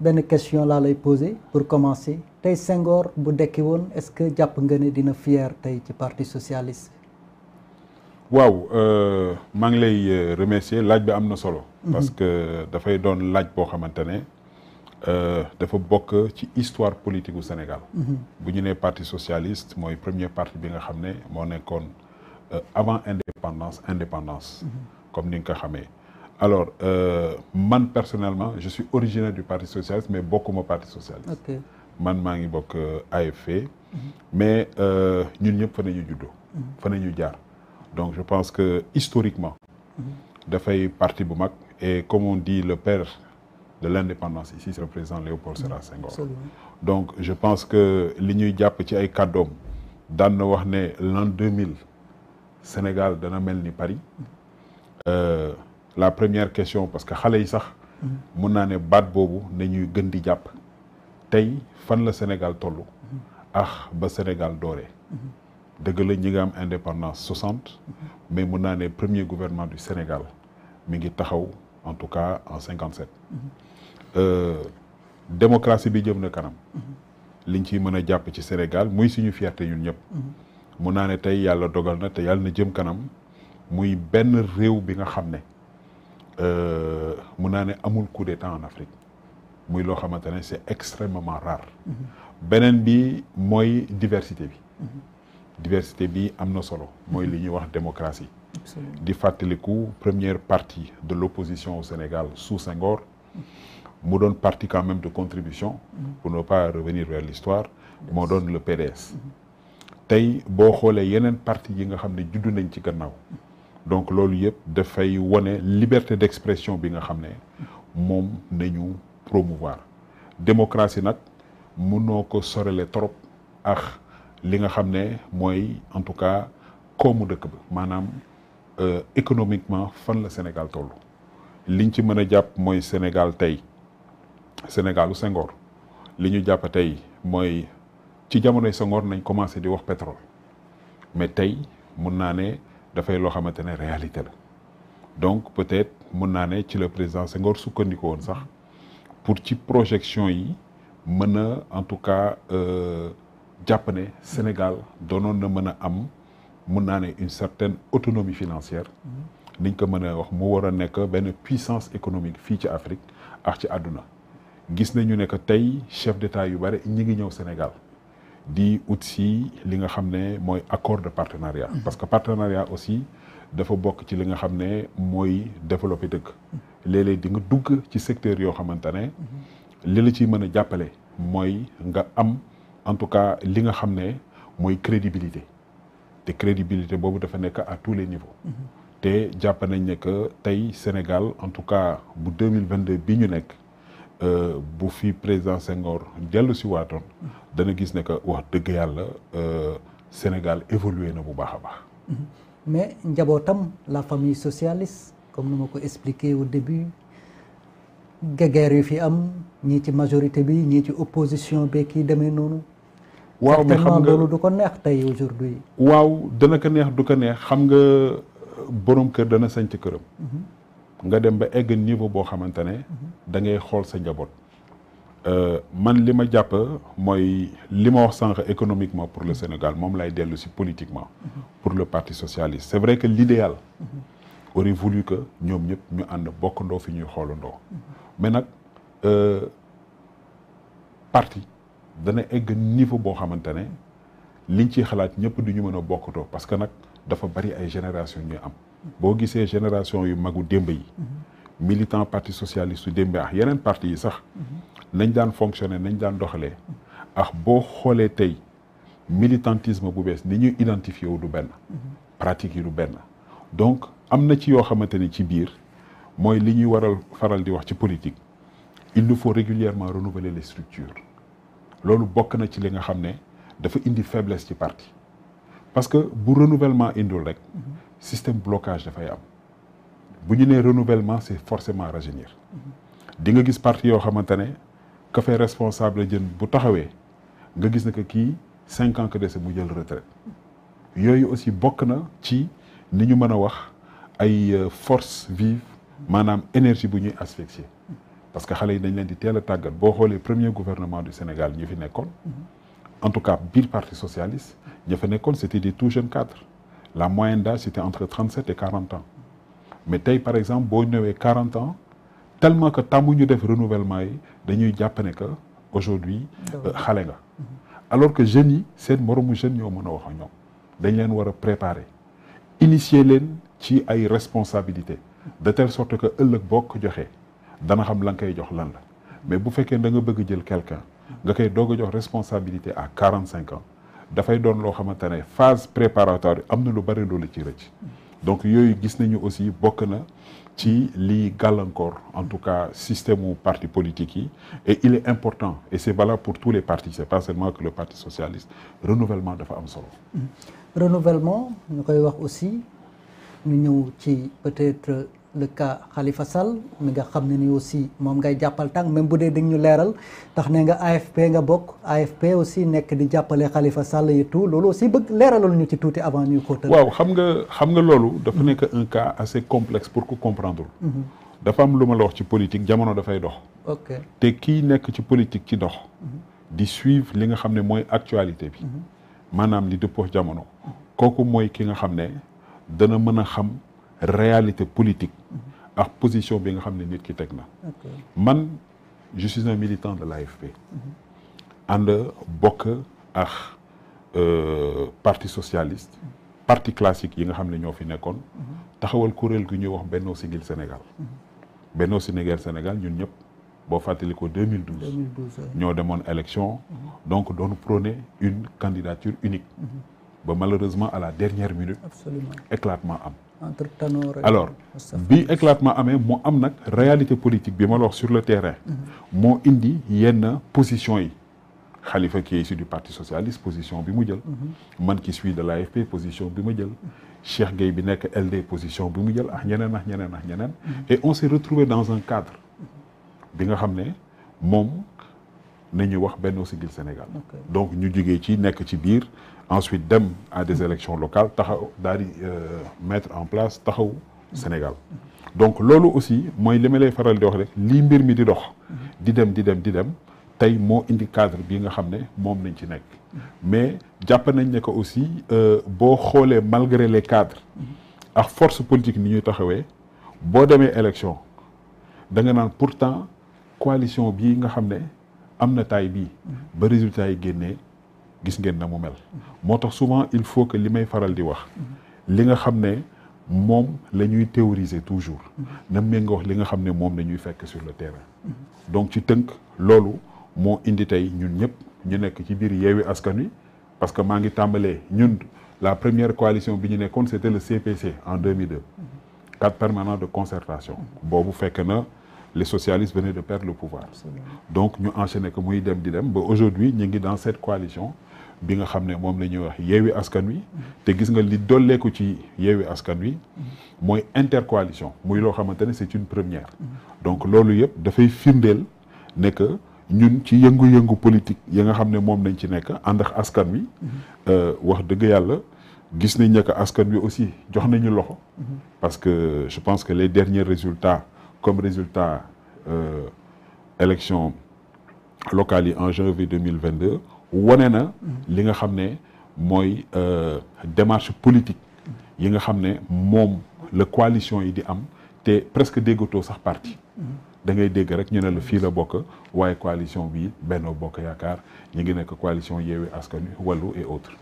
benn question laa lay poser pour commencer tey Senghor bu dekki woon est-ce que jàpp nga ne dina fier tey ci parti socialiste. waaw euh, maa ngi lay euh, remercier laaj bi am na solo. Mhm. parce que dafay doon laaj boo xamante ne euh, dafa bokk ci histoire politique gu Sénégal. Mhm. bu ñu nee parti socialiste mooy premier parti bi nga xam ne moo nekkoon avant indépendance indépendance. Mhm. comme ni nga ko xamee. alors euh, man personnellement je suis originaire du parti socialiste mais bokkuma parti socialiste. ok man maa ngi bokk euh, AFP. Mhm. mais euh, ñun ñëpp fa ñu juddoo. Mhm. fa ñu jaar donc je pense que historiquement. Mhm. dafay parti bu mag et comme on dit le père de l'indépendance ici c'est le président Léopold Sédar Senghor. donc je pense que li ñuy jàpp ci ay kàddoom daan na wax ne l'an 2000 Sénégal dana mel ni Paris. Euh, la première question parce que xale yi sax mun naa ne baat boobu nañuy gën di jàpp tey fan la Sénégal toll ah ba Sénégal dooree dëgg la ñi nga am indépendance soixante mais mun naa ne premier gouvernement du Sénégal mi ngi taxaw en tout cas en cinquante sept euh, démocratie bi jëm na kanam liñ ciy mën a jàpp ci Sénégal muy suñu fierté ñun ñëpp mun naa ne tey yàlla dogal na te yàlla na jëm kanam muy benn réew bi nga xam ne Euh, mun naa ne amul coup d'état en Afrique muy loo xamante ne c'est extrêmement rare beneen bi mooy diversité bi diversité bi am na solo mooy li ñuy wax démocratie di fàttaliku première partie de l'opposition au Sénégal sous Senghor mu doon parti quand même de contribution pour ne pas revenir vers l'histoire moo doon le PDS tey boo xoolee yeneen partie yi nga xam ne juddu nañ ci gannaaw donc loolu yëpp dafay wane liberté d'expression bi nga xam ne moom nañu promouvoir démocratie nag mënoo ko sorele trop ak li nga xam ne mooy en tout cas koomu dëkk ba maanaam euh, économiquement fan la Sénégal toll liñ ci mën a jàpp mooy Sénégal tey Sénégalu Senghor li ñu jàpp tey mooy ci jamonoy Senghor nañ commencé di wax pétrole mais tey mun naa ne dafay loo xamante ne réalité la donc peut-être mun naa ne ci la président Senghor sukkandiku woon sax pour ci projection yi mën na en tout cas euh, jàpp ne Sénégal doonoon na mën a am mun naa ne une certaine autonomie financière mm-hmm. niñ ko mën a wax mu war a nekk benn puissance économique fii ci Afrique ax ci àdduna gis nañu ne que tey chef d'État yu bare ñi ngi ñëw Sénégal di ut li nga xam ne mooy accord de partenariat. Mm-hmm. parce que partenariat aussi dafa bokk ci li nga xam ne mooy développer dëkk. Mm-hmm. léeg di nga dugg ci secteur yoo xamante ne mm-hmm. li la ciy mën a jàppale mooy nga am en tout cas li nga xam ne mooy crédibilité te crédibilité boobu dafa nekk à tout les niveaux. te jàpp nañ ne que tey Sénégal en tout cas bu deux mille vingt deux bii ñu nekk. Euh, bu fi président Senghor dellu si waatoon dana gis ne que wax dëgg yàlla euh, Sénégal évolué na bu baax a baax. Mm-hmm. mais njabootam la famille socialiste comme nu ma ko expliqué au début gegeer yu fi am ñii ci majorité bi ñii ci opposition bi kii demee noonu. waaw mais xam nga loolu du ko neex tey aujourd'hui waaw dana ko neex du ko neex xam nga euh, borom kër dana sañ ci këram. Mm-hmm. nga dem ba egg niveau boo xamante ne. Mm-hmm. da ngay xool sa njaboot euh, man li ma jàpp mooy li ma wax sànq économiquement pour le Sénégal moom lay dellu si politiquement pour le parti socialiste c'est vrai que l'idéal aurait voulu que ñoom ñëpp ñu ànd bokkandoo fi ñuy xoolandoo mais nag euh, parti dana egg niveau boo xamante ne liñ ciy xalaat ñëpp du ñu mën a bokkatoo parce que nag dafa bari ay génération ñuy am boo gisee génération yu magu démb yi militant parti socialiste su démb ak yeneen parti yi sax nañ daan fonctionner nañ daan doxalee ax boo xoolee tey militantisme bu bees ni ñu identifié wu du benn pratique yi du benn donc am na ci yoo xamante ni ci biir mooy li ñuy waral faral di wax ci politique il nous faut régulièrement renouveler les structures loolu bokk na ci li nga xam ne dafa indi faiblesse ci parti parce que bu renouvellement indul rek système blocage dafay am bu ñu nee renouvellement c'est forcément rajeunir mm-hmm. di nga gis partie yoo xamante ne ka fay responsable jën bu taxawee nga gis ne que kii cinq ans que dese mu jël retraite yooyu aussi bokk na ci ni ñu mën a wax ay euh, force vive maanaam énergie bu ñuy asphyxier parce que xale yi dañ leen di teel a tàggat boo xoolee premier gouvernement du Sénégal ñu fi nekkoon mm-hmm. en tout cas biir parti socialiste ña fa nekkoon c'était des tout jeunes cadres la moyenne d'âge c'était entre trente mais tey par exemple boo ñëwee quarante ans tellement que tàmmu ñu def renouvellement yi dañuy jàpp ne que aujourd'hui euh, xale nga mhm. alors que jeunes yi seen moromu jeunes ñoo mën a wax ak ñoom dañ leen war a préparer initier leen ci ay responsabilités de telle sorte que ëllëg boo ko joxee dana xam la nga koy jox lan la mais bu fekkee da nga bëgg jël quelqu'un nga koy doog a jox responsabilité à 45 ans dafay doon loo xamante ne phase préparatoire am na lu bari loolu ci rëcc donc yooyu gis ñu aussi bokk na ci li gàllankoor en tout cas système mu parti politique yi et il est important et c'est valable pour tous les partis c'est pas seulement que le parti socialiste renouvellement dafa am solo. renouvellement ñu koy wax aussi ñu ñëw ci peut-être. le ka xalifa Sall mi nga xam ne ni aussi moom ngay jàppal tàng même bu dee di ñu leeral tax ne nga AFP nga bokk AFP aussi nekk di jàppale xalifa Sall yi tout loolu aussi bëgg leeralal ñu ci tuuti avant ñuy ko tëral. waaw xam nga xam nga loolu. dafa nekk un cas assez complexe pour ku comprendre. Mhm. dafa am lu ma la wax ci politique jamono dafay dox. te kii nekk ci politique ci dox. Mhm. di suivre li nga xam ne mooy actualité bi. Mhm. maanaam li dëppoo jamono. kooku mooy ki nga xam ne dana mën a xam. réalité politique ak position bi nga xam ne nit ki teg na man je suis un militant de l'AFP ànd bokk ak euh, parti socialiste parti classique yi nga xam ne ñoo fi nekkoon taxawal kuréel gu ñuy wax Benno Siggil Sénégal Benno Siggil Sénégal ñun ñëpp boo fàttali ko 2012 ñoo demoon élection mhm. donc doon prôner une candidature unique mhm. ba malheureusement à la dernière minute. absolument éclatement am. entre Tanor alors bi éclatement amee mu am nag réalité politique bi ma la sur le terrain. Mhm. moo indi yenn position yi. xalifa qui est du parti socialiste position bi mu jël. Mhm. man qui suis de la l'AFP position bi ma jël. Cheikh Gueye bi nekk LD position bi mu jël ax ñeneen ak ñeneen ak ñeneen. Mhm. et on s'est retrouvé dans un cadre. bi nga xam ne moom nañu wax Benno Siggil Sénégal. donc ñu jugee ci nekk ci biir. ensuite dem à des élections locales taxaw daal di euh, mettre en place taxaw Sénégal donc loolu aussi mooy li ma lay faral di wax rek lii mbir mi di dox di dem di dem di dem tey moo indi cadre bi nga xam ne moom lañ ci nekk mais jàpp nañ ne que aussi euh, boo xoolee malgré les cadres ak force politique ni ñuy taxawee boo demee élection da nga naan pourtant coalition bii nga xam ne am na taay bii ba résultat yi génnee gis ngeen na mu mel moo tax souvent il faut que li may faral di wax li nga xam ne moom la ñuy théoriser toujours na méngoo wax li nga xam ne moom la ñuy fekk sur le terrain donc ci tënk loolu moo indi tey ñun ñëpp ñu nekk ci biir Yewwi Askan Wi parce que maa ngi tàmbalee ñun la première coalition bi ñu nekkoon c'était le CPC en 2002 cadre permanent de concertation boobu fekk na les socialistes venaient de perdre le pouvoir donc ñu enchaîné que muy dem di dem ba aujourd'hui ñu ngi dans cette coalition bi nga xam ne moom la ñuy wax yeewi askan wi te gis nga li dolleeku ci yeewi askan wi mooy intercoalition muy loo xamante ne c'est une première donc loolu yëpp dafay firndeel ne que ñun ci yëngu-yëngu politique yi nga xam ne moom lañ ci nekk ànd ak askan wi euh, wax dëgg yàlla gis nañ ne askan wi aussi jox nañu loxo parce que je pense que les derniers résultats comme résultat euh, élection locales yi en janvier 2022 wane na li nga xam ne mooy euh, démarche politique yi nga xam ne moom la coalition yi di am te presque déggatoo sax partie da ngay dégg rek ñu ne la fii la bokk waaye coalition bi Benno Bokk Yaakaar ñu ngi nekk coalition Yewwi Askan Wi Wallu et autres